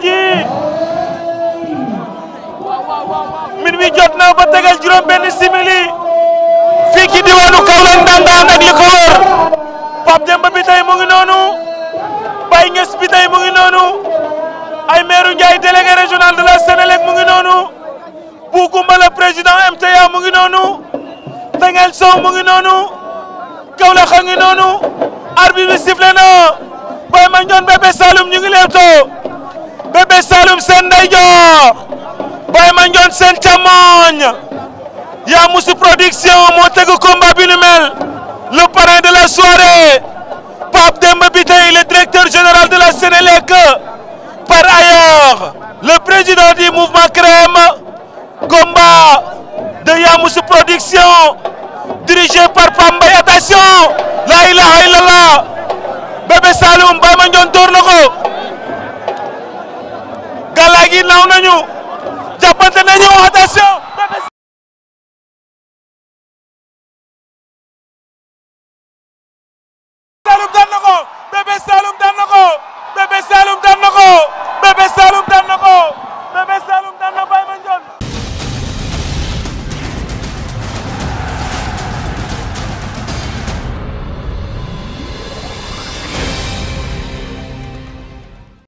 ji min wi jot na ba tegal juróom benn simili fii ci diwaanu Kaolack Ndangaan ak li ko wër Pape Demba mu ngi noonu Baye Nges bi mu ngi noonu ay maire Ndiaye délégué régional de la Sénélec mu ngi noonu Bou Coumba la président MTA mu ngi noonu Tengel Sow mu ngi noonu Kaolack a noonu arbitre bi siflé na Baye Mandione Bébé Saloum ñu ngi leewtoo ndeyjoor Baye Sen seen ya production montego combat binumel le parrain de la soirée Pape Demba le directeur général de la Sénélec par ailleurs le président du mouvement crème combat de moussi production dirigé par Pambay attention la ilaha illallah Bébé Saloum Baye yi naw nañu jàppante nañu attention. Saloum daan na ko.